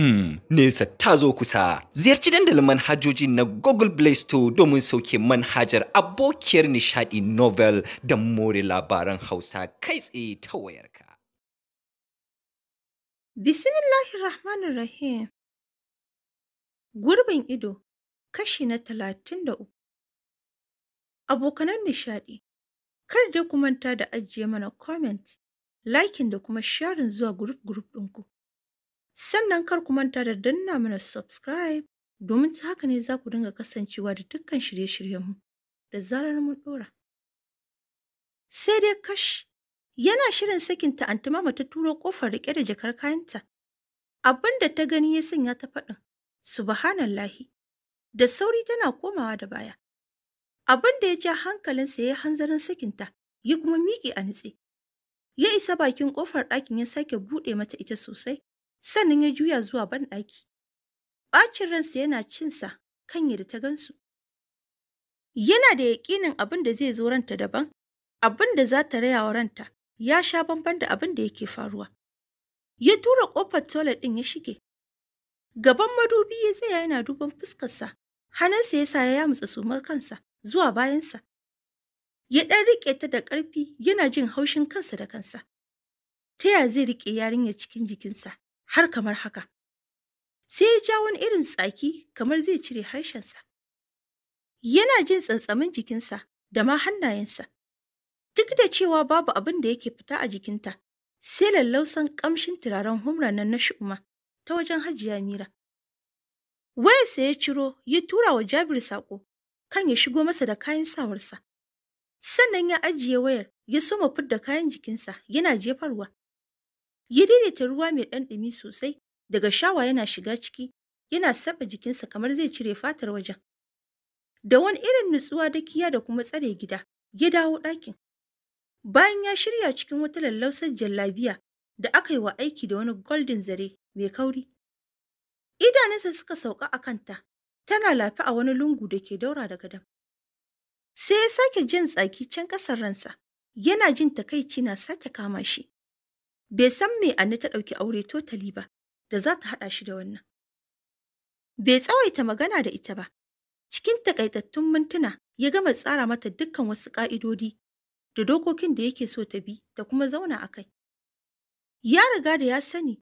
Hmm, nesa ta zo kusa. Ziyarci dandalin manhajoji na Google Play Store domin sauke manhajar abokiyar nishadi novel da more labaran Hausa kai tsaye ta wayarka. Bismillahirrahmanirrahim. Gurbin ido, kashi na talatin da uku. Abokanan nishaɗi, kar dai ku manta da ajiye mana comment, liking da kuma sharin zuwa group group ɗinku. Sannan kar ku manta da danna mana subscribe domin ta haka ne za ku dinga kasancewa da dukkan shirye-shiryenmu da zarar mun ɗora. Sai dai kash, yana shirin sakin ta antumama ta turo ƙofar rike da jakar kayanta. Abin ta gani ya sanya ta faɗin, subhanallahi, da sauri tana komawa da baya. Abin ya ja hankalinsa ya hanzarin sakinta, ya kuma miƙe a nitse. Ya isa bakin ƙofar ɗakin ya sake buɗe mata ita sosai, sannan ya juya zuwa banɗaki. Ɓacin ransa yana cinsa kan da ta gansu. Yana da yaƙinin abin da zai zo ranta daban, abin da za ta raya ranta ya sha bamban da abin da yake faruwa. Ya tura ƙofar toilet ɗin ya shige. Gaban madubi ya tsaya yana duban fuskarsa, hannunsa ya sa ya yamutsa suma kansa zuwa bayansa. Ya ɗan riƙe ta da ƙarfi yana jin haushin kansa da kansa. Ta yaya zai riƙe yarinyar cikin jikinsa har kamar haka. Sai ya ja wani irin tsaki kamar zai cire harshensa. Yana jin tsantsamin jikinsa da ma hannayensa. Duk da cewa babu abin da yake fita a jikinta, sai lallausan ƙamshin turaren humra nan na shi'uma ta wajen hajiya mira. Wayarsa ya ciro ya tura wa Jabir saƙo kan ya shigo masa da kayan sawarsa. Sannan ya ajiye wayar ya soma fidda kayan jikinsa yana jefarwa. Ya daidaita ruwa mai ɗan ɗumi sosai daga shawa yana shiga ciki, yana saba jikinsa kamar zai cire fatar wajen. Da wani irin nutsuwa da dakiya da kuma tsare gida, ya dawo ɗakin. Bayan ya shirya cikin wata lallausar jallabiya da aka yi wa aiki da wani golden zare mai kauri. Idanunsa suka sauka a kanta, tana lafi a wani lungu da ke daura da gadon. Sai ya sake jin tsaki can ƙasar ransa, yana jin takaici na sake kama shi. Bai san me Anna ta ɗauki aure totali ba da za ta haɗa shi da wannan. Bai tsawaita magana da ita ba, cikin takaitattun mintuna ya gama tsara mata dukkan wasu ƙa'idodi da dokokin da yake so ta bi da kuma zauna a kai. Ya riga da ya sani,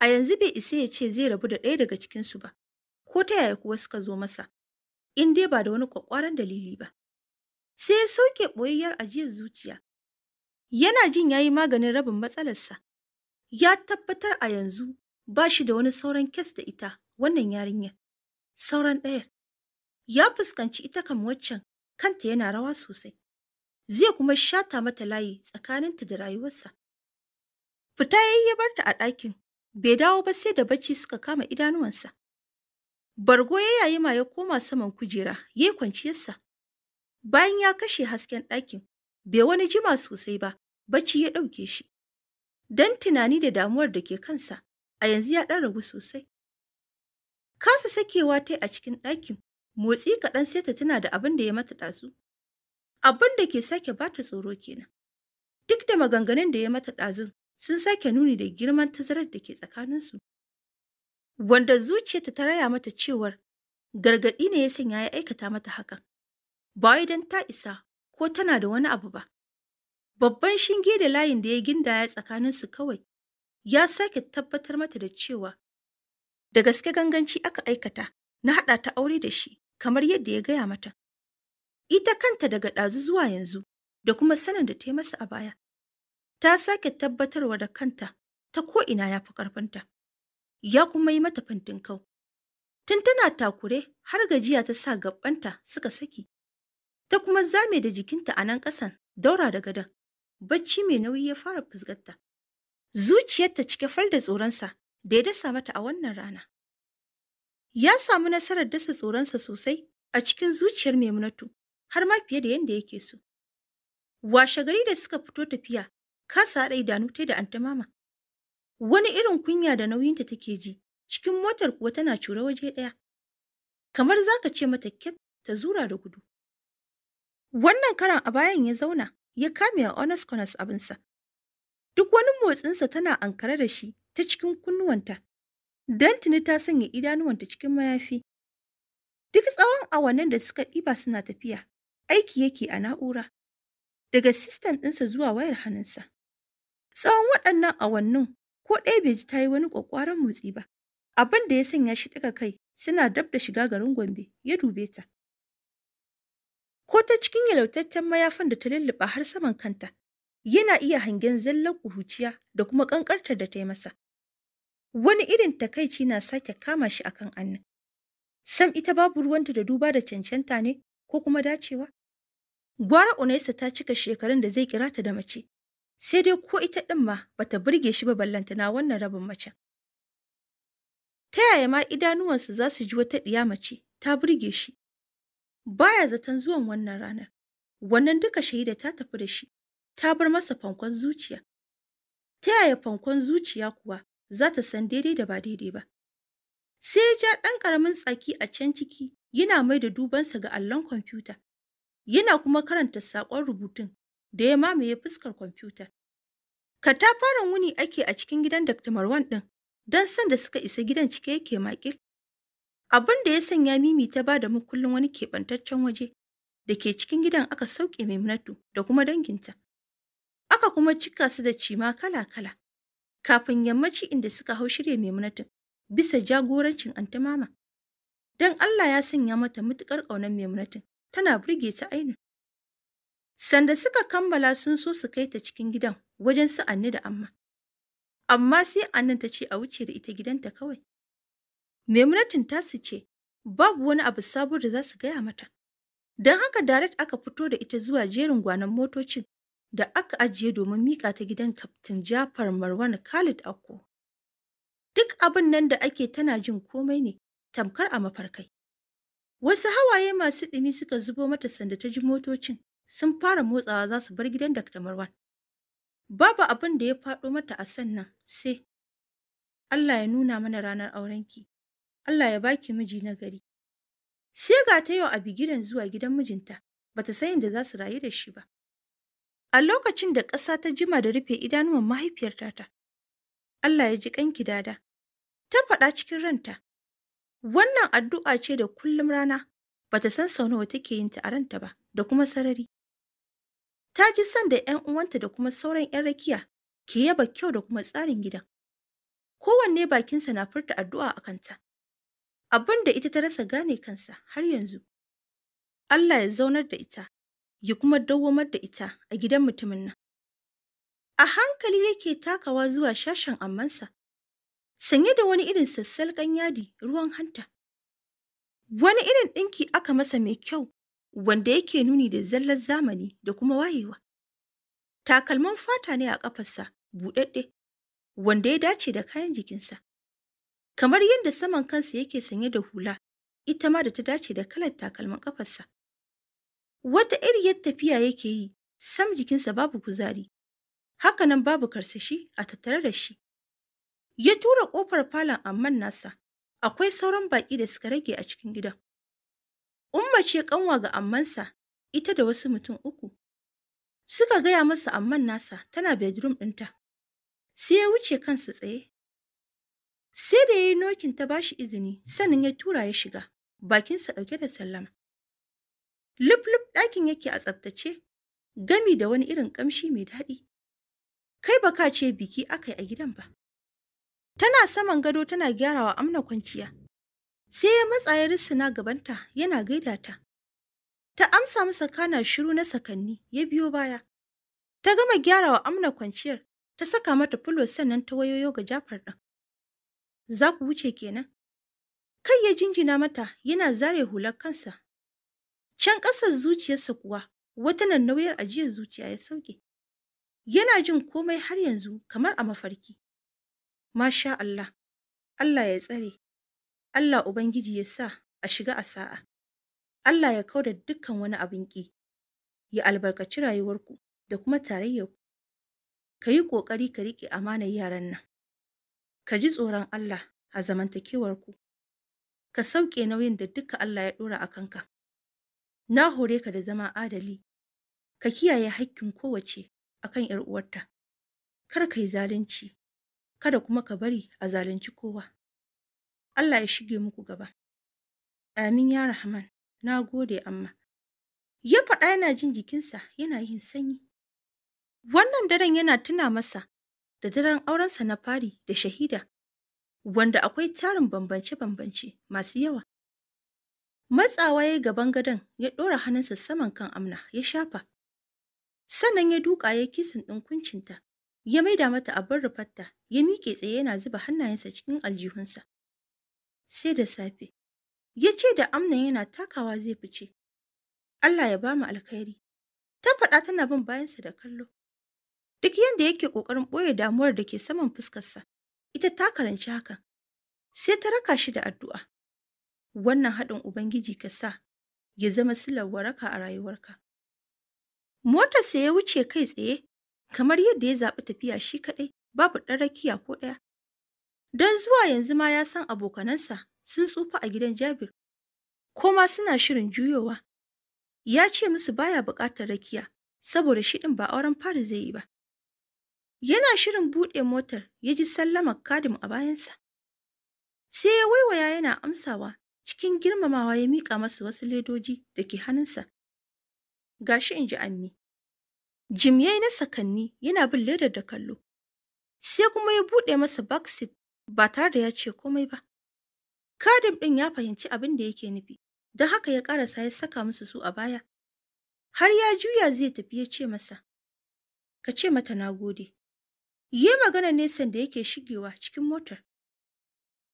a yanzu bai isa ya ce zai rabu da ɗaya daga cikinsu ba, ko ta yaya kuwa suka zo masa, in dai ba da wani ƙwaƙwaran dalili ba. Sai ya sauke ɓoyayyar ajiyar zuciya, yana jin ya yi maganin rabin matsalarsa Ya tabbatar a yanzu ba shi da wani sauran kes da ita, wannan yarinyar. Sauran ɗayar. Ya fuskanci ita kam waccan, kanta yana rawa sosai. Zai kuma shata mata layi tsakaninta da rayuwarsa. Fita yayi ya barta a ɗakin, bai dawo ba sai da bacci suka kama idanuwansa. Bargo ya yayi ma ya koma saman kujera, ya yi kwanciyarsa. Bayan ya kashe hasken ɗakin, bai wani jima sosai ba, bacci ya ɗauke shi. don tunani da damuwar da ke kansa a yanzu ya ɗan ragu sosai. Kasa sakewa ta a cikin ɗakin, motsi kaɗan sai ta tuna da abin da ya mata ɗazu. Abin da ke sake ba ta tsoro kenan. Duk da maganganun da ya mata ɗazun sun sake nuni da girman tazarar da ke tsakaninsu. Wanda zuciyarta ta raya mata cewar gargaɗi ne ya sanya ya aikata mata hakan. Ba wai don ta isa ko tana da wani abu ba. Babban shinge da layin da ya gindaya tsakaninsu kawai ya sake tabbatar mata da cewa da gaske ganganci aka aikata na haɗa ta aure da shi kamar yadda ya gaya mata. Ita kanta daga ɗazu zuwa yanzu da kuma sanin da ta yi masa a baya. Ta sake tabbatarwa da kanta ta ko'ina ya fi ƙarfinta, ya kuma yi mata kau. Tun tana takure har gajiya ta sa gabbanta suka saki, ta kuma zame da jikinta a nan ƙasan daura da gadon. bacci mai nauyi ya fara fusgarta. Zuciyarta cike fal da tsoronsa da ya dasa mata a wannan rana. Ya samu nasarar dasa tsoronsa sosai a cikin zuciyar Maimunatu har ma fiye da yadda yake so. Washe gari da suka fito tafiya, kasa haɗa idanu ta da antamama. Wani irin kunya da nauyinta take ji, cikin motar kuwa tana cura waje ɗaya. Kamar za ka ce mata ta zura da gudu. Wannan karan a bayan ya zauna, ya kame a Ones Connors abinsa. Duk wani motsinsa tana ankare da shi ta cikin kunnuwanta. don tuni ta sanya idanuwanta cikin mayafi. Duk tsawon awannin da suka ɗiba suna tafiya, aiki yake a na'ura. Daga sistem ɗinsa zuwa wayar hannunsa. Tsawon waɗannan awannin ko ɗaya bai ji ta yi wani ƙwaƙwaran motsi ba. Abin da ya sanya shi ɗaga kai suna dab da shiga garin Gombe ya dube ta. ko ta cikin yalautaccen mayafin da ta lulluɓa har saman kanta, yana iya hangen zallar ƙuruciya da kuma ƙanƙartar da ta yi masa. Wani irin takaici na sake kama shi akan annan. Sam ita babu ruwanta da duba da cancanta ne ko kuma dacewa? Gwara Unaisa ta cika shekarun da zai kira ta da mace, sai dai ko ita ɗin ma ba ta burge shi ba ballanta na wannan rabin macen. Ta yaya ma idanuwansa za su ji wata ɗiya mace ta burge shi baya zaton zuwan wannan ranar. Wannan duka shaida ta tafi da shi, ta bar masa fankon zuciya. Ta yaya fankon zuciya kuwa za ta san daidai da ba daidai ba? Sai ya ja ɗan ƙaramin tsaki a can ciki yana mai da dubansa ga allon kwamfuta. Yana kuma karanta saƙon rubutun da ya mamaye fuskar kwamfuta. Katafaren wuni ake a cikin gidan Dr. Marwan ɗin, don san da suka isa gidan cike yake makil. Abin da ya sanya Mimi ta ba da makullin wani keɓantaccen waje da ke cikin gidan aka sauke Maimunatu da kuma danginta. Aka kuma cika su da cima kala-kala. Kafin yammaci inda suka hau shirya Maimunatu bisa jagorancin Antamama. Don Allah ya sanya mata matuƙar ƙaunar Maimunatu tana burge ta aini. Sanda suka kammala sun so su kai ta cikin gidan wajen su Anni da Amma. Amma sai Annan ta ce a wuce da ita gidanta kawai. Maimunatin su ce, babu wani abu sabo da za su gaya mata. Don haka Direct aka fito da ita zuwa jerin gwanon motocin da aka ajiye domin mika ta gidan Kaftin Jafar Marwan Khalid Akko. Duk abin nan da ake tana jin komai ne, tamkar a mafarkai. Wasu hawaye masu ɗumi suka zubo mata sanda ta ji motocin sun fara motsawa za su bar gidan Dr. Marwan. Babu abin da ya faɗo mata a sannan sai Allah ya nuna mana ranar aurenki. Allah ya baki miji na gari. Sai ga ta yau a bigiren zuwa gidan mijinta, bata san inda za su rayu da shi ba. A lokacin da ƙasa ta jima da rufe idanuwan mahaifiyar ta. Allah ya ji ƙanki dada, ta faɗa cikin ranta. Wannan addu'a ce da kullum rana, bata san sau nawa take yin ta a ranta ba, da kuma sarari. Ta ji san da ‘yan uwanta da kuma sauran ‘yan rakiya ke yaba kyau da kuma tsarin gidan. Kowanne bakinsa na furta addu'a a kanta. abin da ita ta rasa gane kansa har yanzu. Allah ya zaunar da ita, ya kuma dawwamar da ita a gidan mutumin nan. A hankali yake takawa zuwa shashen ammansa, sanye da wani irin sassalƙan yadi ruwan hanta. Wani irin ɗinki aka masa mai kyau wanda yake nuni da zallar zamani da kuma wayewa. Takalman fata ne a ƙafarsa buɗaɗɗe, wanda ya dace da kayan jikinsa. kamar yadda saman kansa yake sanye da hula, ita ma da ta dace da kalar takalman ƙafarsa. Wata iriyar tafiya yake yi, sam jikinsa babu kuzari, hakanan babu karsashi a tattare da shi. Ya tura ƙofar falon amman nasa, akwai sauran baƙi da suka rage a cikin gidan. Umma ce ƙanwa ga ammansa, ita da wasu mutum uku. Suka gaya masa amman nasa tana bedroom ɗinta. Sai ya wuce kansa tsaye, Sai da ya yi nokin ta bashi izini, sannan ya tura ya shiga, bakinsa ɗauke da sallama. luf ɗakin yake a tsaftace, gami da wani irin ƙamshi mai daɗi. Kai baka ce biki aka yi a gidan ba. Tana saman gado tana gyarawa amna kwanciya. Sai ya matsa ya rissina gabanta yana gaida ta. Ta amsa masa kana shiru na sakanni ya biyo baya. Ta gama gyarawa amna kwanciyar, ta saka mata fulo sannan ta wayoyo ga Jafar ɗin. za ku wuce kenan. Kai ya jinjina mata yana zare hular kansa. Can ƙasar zuciyarsa kuwa wata nan nauyar ajiyar zuciya ya sauke. Yana jin komai har yanzu kamar a mafarki. Masha Allah, Allah ya tsare, Allah Ubangiji ya sa a shiga a sa'a. Allah ya kauda dukkan wani abin ƙi, ya albarkaci rayuwarku da kuma tarayyarku. Ka yi ƙoƙari ka riƙe amanar yaran nan. Ka ji tsoron Allah a zamantakewar ku. Ka sauke nauyin da duka Allah ya ɗora a kanka. Na hore ka da zama adali. Ka kiyaye haƙƙin kowace a kan uwarta. Kar ka yi zalunci, kada kuma ka bari a zalunci kowa. Allah ya shige muku gaba. Amin ya Rahman, na gode amma. Ya faɗa yana jin jikinsa yana yin sanyi. Wannan daren yana tuna masa da daren aurensa na fari da shahida, wanda akwai tarin bambance-bambance masu yawa. Matsawa ya gaban gadon ya ɗora hannunsa saman kan amna ya shafa. Sannan ya duka ya kisan ɗin kuncinta, ya maida mata abin rufatta, ya miƙe tsaye yana zuba hannayensa cikin aljihunsa. Sai da safe, ya ce da amnan yana takawa zai fice. Allah ya ba mu alkhairi. Ta faɗa tana bin bayansa da kallo. Duk yadda yake ƙoƙarin ɓoye damuwar da ke saman fuskarsa, ita ta karanci hakan. Sai ta raka shi da addu'a. Wannan haɗin Ubangiji ka sa ya zama silar waraka a rayuwarka. sa ya wuce kai tsaye, kamar yadda ya zaɓi tafiya shi kaɗai, babu ɗan rakiya ko ɗaya. Don zuwa yanzu ma ya san abokanansa sun tsufa a gidan Jabir, ko ma suna shirin juyowa. Ya ce musu baya buƙatar rakiya, saboda shi ɗin ba auren fari zai yi ba. Yana shirin buɗe motar ya ji sallamar kadim a bayansa. Sai ya waiwaya yana amsawa cikin girmamawa ya miƙa masa wasu ledoji da ke hannunsa. Ga shi in ji ammi. Jim ya yi na sakanni yana bin ledar da kallo. Sai kuma ya buɗe masa backseat ba tare da ya ce komai ba. Kadim ɗin ya fahimci abin da yake nufi, don haka ya ƙarasa ya saka musu su a baya. Har ya juya zai tafi ya ce masa, Ka ce mata na gode, Yi magana nesan da yake shigewa cikin motar.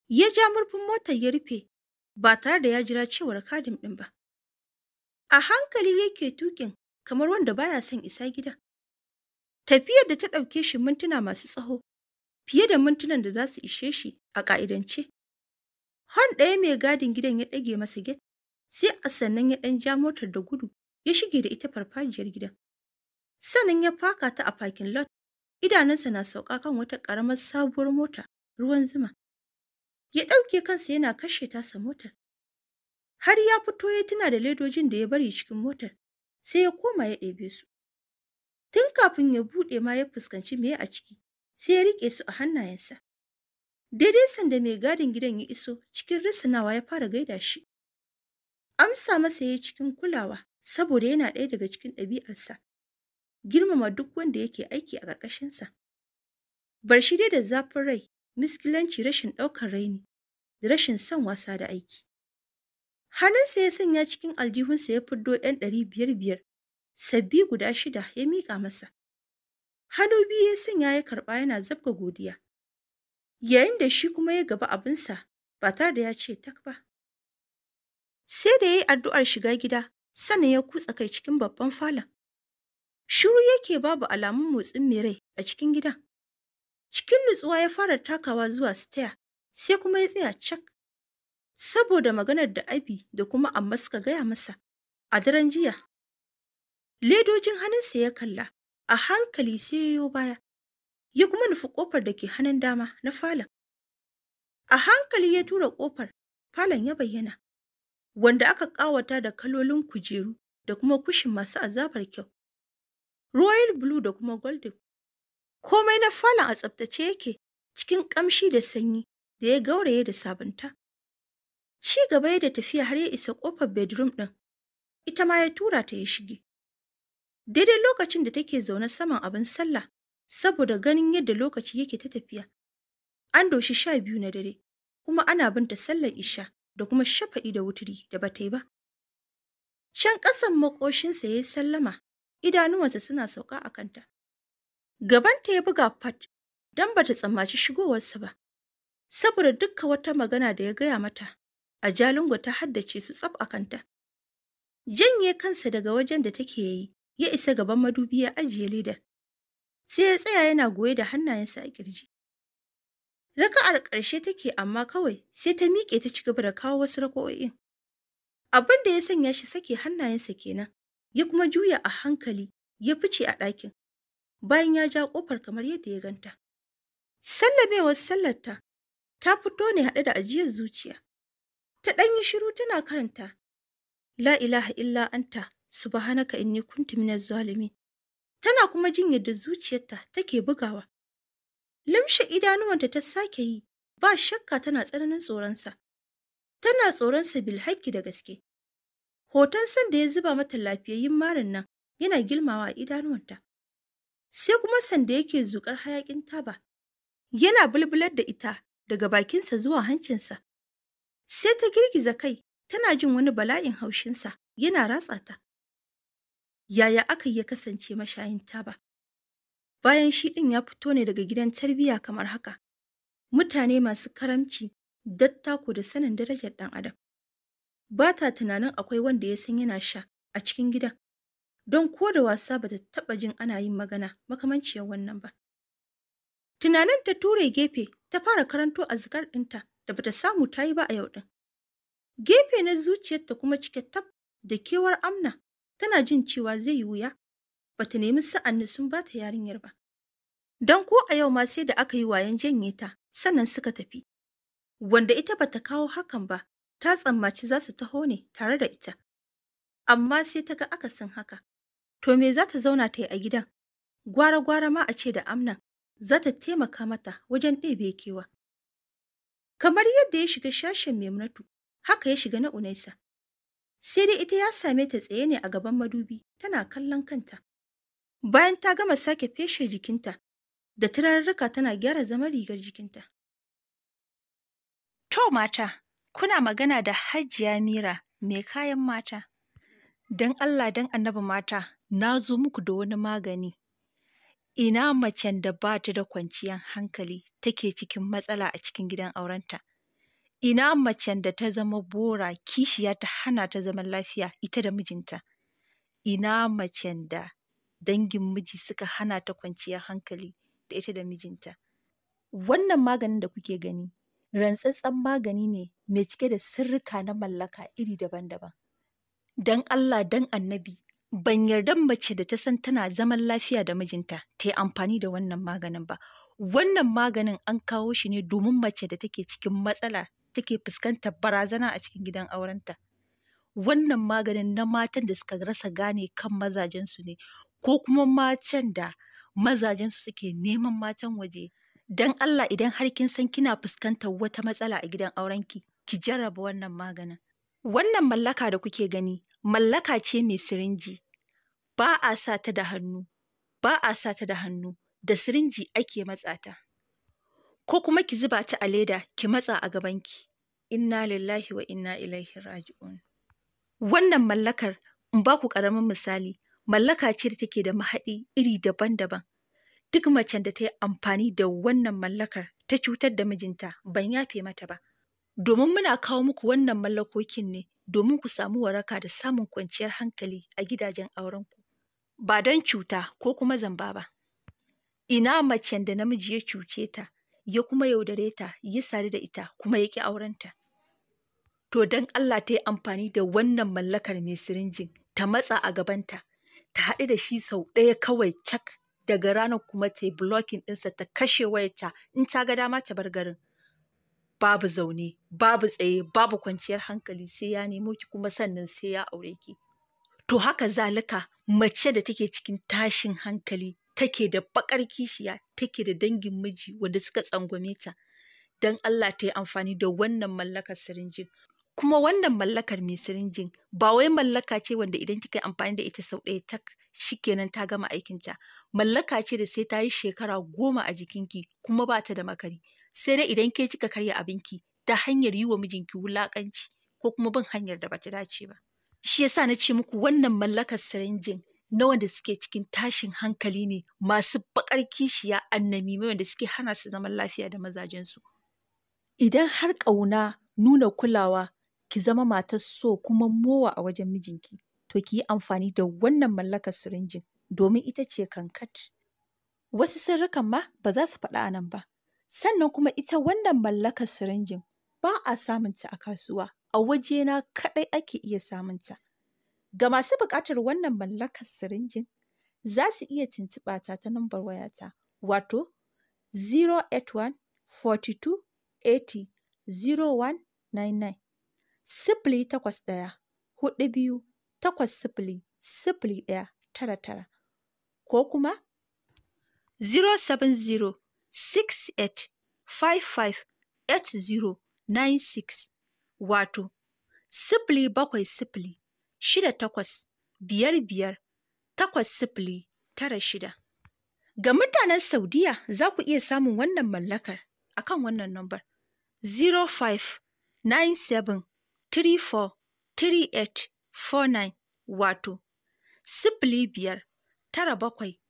Ya ja murfin motar ya rufe ba tare da ya jira cewar kadim ɗin ba. A hankali yake tukin kamar wanda baya son isa gida. Tafiyar da ta ɗauke shi mintuna masu tsaho fiye da mintunan da za su ishe shi a ƙa'idance. Hon ɗaya mai gadin gidan ya ɗage masa get, sai a sannan ya ɗan ja motar da gudu ya shige da ita farfajiyar gidan. Sannan ya faka ta a fakin lot Idanunsa na sauka kan wata ƙaramar sabuwar mota ruwan zuma. Ya ɗauke kansa yana kashe tasa motar. Har ya fito ya tuna da ledojin da ya bari cikin motar, sai ya koma ya ɗebe su. Tun kafin ya buɗe ma ya fuskanci me a ciki, sai ya riƙe su a hannayensa. Daidai sanda mai gadin gidan ya iso cikin risanawa ya fara gaida shi. Amsa masa ya cikin kulawa saboda yana ɗaya daga cikin ɗabi'arsa girmama duk wanda yake aiki a ƙarƙashinsa. Bar shi dai da zafin rai, miskilanci rashin ɗaukar raini, da rashin son wasa da aiki. Hannunsa ya sanya cikin aljihunsa ya fiddo ‘yan ɗari biyar biyar, sabbi guda shida ya miƙa masa. Hannu biyu ya sanya ya karɓa yana zabga godiya. Yayin da shi kuma ya gaba abinsa ba tare da ya ce tak ba. Sai da ya yi addu'ar shiga gida, sannan ya kutsa kai cikin babban falon. Shiru yake babu alamun motsin mai rai a cikin gidan. Cikin nutsuwa ya fara takawa zuwa stair, sai kuma ya tsaya cak. Saboda maganar da Abi da kuma amma suka gaya masa a daren jiya. Ledojin hannunsa ya kalla, a hankali sai ya yo baya, ya kuma nufi ƙofar da ke hannun dama na falon. A hankali ya tura ƙofar, falon ya bayyana, wanda aka ƙawata da kalolin kujeru da kuma kushin masu azabar kyau. royal blue da kuma golden. Komai na falon a tsaftace yake cikin ƙamshi da sanyi da ya gauraye da sabunta. Ci gaba ya da tafiya har ya isa kofar bedroom ɗin, ita ma ya tura ta ya shige. Daidai lokacin da take zaune saman abin sallah, saboda ganin yadda lokaci yake ta tafiya. An doshi sha biyu na dare, kuma ana binta sallar isha da kuma shafa'i da wuturi da bata yi ba. Can ƙasan makoshinsa ya yi sallama idanuwansa suna sauka a kanta. Gabanta ya buga fat don ba ta tsammaci shigowarsa ba, saboda dukka wata magana da ya gaya mata a jalingo ta haddace su tsaf a kanta. Janye kansa daga wajen da take yi ya isa gaban madubi ya ajiye ledar, sai ya tsaya yana goye da hannayensa a kirji. Raka'ar ƙarshe take amma kawai sai ta miƙe ta ci gaba da kawo wasu rako'o'in. Abin da ya sanya shi sake hannayensa kenan, ya kuma juya a hankali ya fice a ɗakin bayan ya ja ƙofar kamar yadda ya ganta. Sallamewar sallarta ta fito ne haɗe da ajiyar zuciya. Ta ɗan yi shiru tana karanta, La ilaha illa anta, subhanaka inni kuntu minaz zalimin. Tana kuma jin yadda zuciyarta take bugawa. Limshe idanuwanta ta sake yi, ba shakka tana tsananin tsoronsa. Tana tsoronsa bilhaki da gaske. Hoton san da ya zuba mata lafiyayyun marin nan yana girmawa a idanuwanta. Sai kuma san da yake zuƙar hayaƙin taba. Yana bulbular da ita daga bakinsa zuwa hancinsa. Sai ta girgiza kai tana jin wani bala'in haushinsa yana ratsa ta. Yaya aka ya kasance mashayin taba? Bayan shi ɗin ya fito ne daga gidan tarbiyya kamar haka. Mutane masu karamci, dattako da sanin darajar ɗan adam. ba ta tunanin akwai wanda ya san yana sha a cikin gidan, don ko da wasa ba ta taɓa jin ana yin magana makamanciyar wannan ba. Tunanin ta ture gefe ta fara karanto a zikar ɗinta da bata samu ta yi ba a yau ɗin. Gefe na zuciyarta kuma cike tab da kewar amna tana jin cewa zai yi wuya bata nemi sa'anni sun bata yarinyar ba. Don ko a yau ma sai da aka yi wayan janye ta sannan suka tafi. Wanda ita bata kawo hakan ba ta tsammaci za su taho ne tare da ita. Amma sai ta ga akasin haka. To me za ta zauna ta yi a gidan? Gwara-gwara ma a ce da amnan za ta taimaka mata wajen ɗebe kewa. Kamar yadda ya shiga shashen Maimunatu, haka ya shiga na Unaisa. Sai dai ita ya same ta tsaye ne a gaban madubi tana kallon kanta. Bayan ta gama sake feshe jikinta, da turarruka tana gyara zaman rigar jikinta. To mata, Kuna magana da Hajiya Mira mai kayan mata. Don Allah don annabi mata, na zo muku da wani magani. Ina macen da ba ta da kwanciyar hankali take cikin matsala a cikin gidan aurenta. Ina macen da ta zama bora kishiya ta hana ta zaman lafiya ita da mijinta. Ina macen da dangin miji suka hana ta kwanciyar hankali da ita da mijinta. Wannan maganin da kuke gani rantsatsen magani ne mai cike da sirrika na mallaka iri daban-daban. Don Allah don annabi, ban yarda mace da ta san tana zaman lafiya da mijinta ta yi amfani da wannan maganin ba. Wannan maganin an kawo shi ne domin mace da take cikin matsala take fuskantar barazana a cikin gidan aurenta. Wannan maganin na matan da suka rasa gane kan mazajensu ne, ko kuma matan da mazajensu suke neman matan waje. don Allah idan har kin san kina fuskantar wata matsala a gidan aurenki, ki jarraba wannan maganin. Wannan mallaka da kuke gani, mallaka ce mai sirinji. Ba a sa ta da hannu, ba a sa da hannu, da sirinji ake matsa ta. Ko kuma ki zuba ta a leda, ki matsa a gabanki. Inna lillahi wa inna ilaihi raji'un. Wannan mallakar, in ba ku ƙaramin misali, mallaka ce da take da mahaɗi iri daban-daban. duk macen da ta yi amfani da wannan mallakar ta cutar da mijinta ban yafe mata ba domin muna kawo muku wannan mallakokin ne domin ku samu waraka da samun kwanciyar hankali a gidajen aurenku ba don cuta ko kuma zamba ba ina macen da namiji ya cuce ta ya kuma yaudare ta ya sadu da ita kuma ya ƙi aurenta to don Allah ta yi amfani da wannan mallakar mai sirinjin ta matsa a gabanta ta haɗu da shi sau ɗaya kawai cak daga ranar kuma ta yi blocking ɗinsa ta kashe wayarta in ta ga dama ta bar garin babu zaune babu tsaye babu kwanciyar hankali sai ya nemo ki kuma sannan sai ya aure ki to haka zalika mace da take cikin tashin hankali take da bakar kishiya take da dangin miji wanda suka tsangwame ta don Allah ta yi amfani da wannan mallakar sirinjin kuma wannan mallakar mai sirinjin ba wai mallaka ce wanda idan kika yi amfani da ita sau ɗaya tak shikenan ta gama aikinta mallaka ce da sai ta yi shekara goma a jikinki kuma ba ta da makari sai dai idan ke kika karya abinki ta hanyar yi wa mijinki wulaƙanci ko kuma bin hanyar da bata dace ba shi yasa na ce muku wannan mallakar sirinjin na wanda suke cikin tashin hankali ne masu baƙar kishiya annami wanda suke hana su zaman lafiya da mazajensu idan har ƙauna nuna kulawa ki zama matar so kuma mowa a wajen mijinki, to ki yi amfani da wannan mallakar sirinjin domin ita ce kankat. Wasu sirrikan ma ba za su faɗa a nan ba. Sannan kuma ita wannan mallakar sirinjin ba a samunta a kasuwa, a wajena kaɗai ake iya samunta. Ga masu buƙatar wannan mallakar sirinjin, za su iya tuntuɓa ta ta nambar wayata, wato 081 42 80 0199. sifili takwas ɗaya huɗu biyu takwas sifili sifili ɗaya tara tara ko kuma 070 68 55 8096 wato sifili bakwai sifili shida takwas biyar biyar takwas sifili tara shida. Ga mutanen Saudiya za ku iya samun wannan mallakar akan wannan nambar 0597 343849 wato, sifili biyar tara bakwai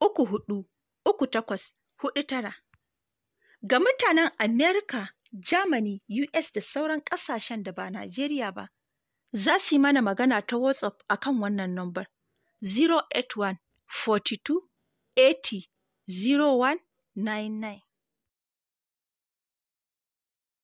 uku hudu uku takwas hudu tara. Ga mutanen Amerika, Germany, US da sauran ƙasashen da ba Najeriya ba, za su yi mana magana ta WhatsApp a kan wannan nombar. 081 42 80 0199.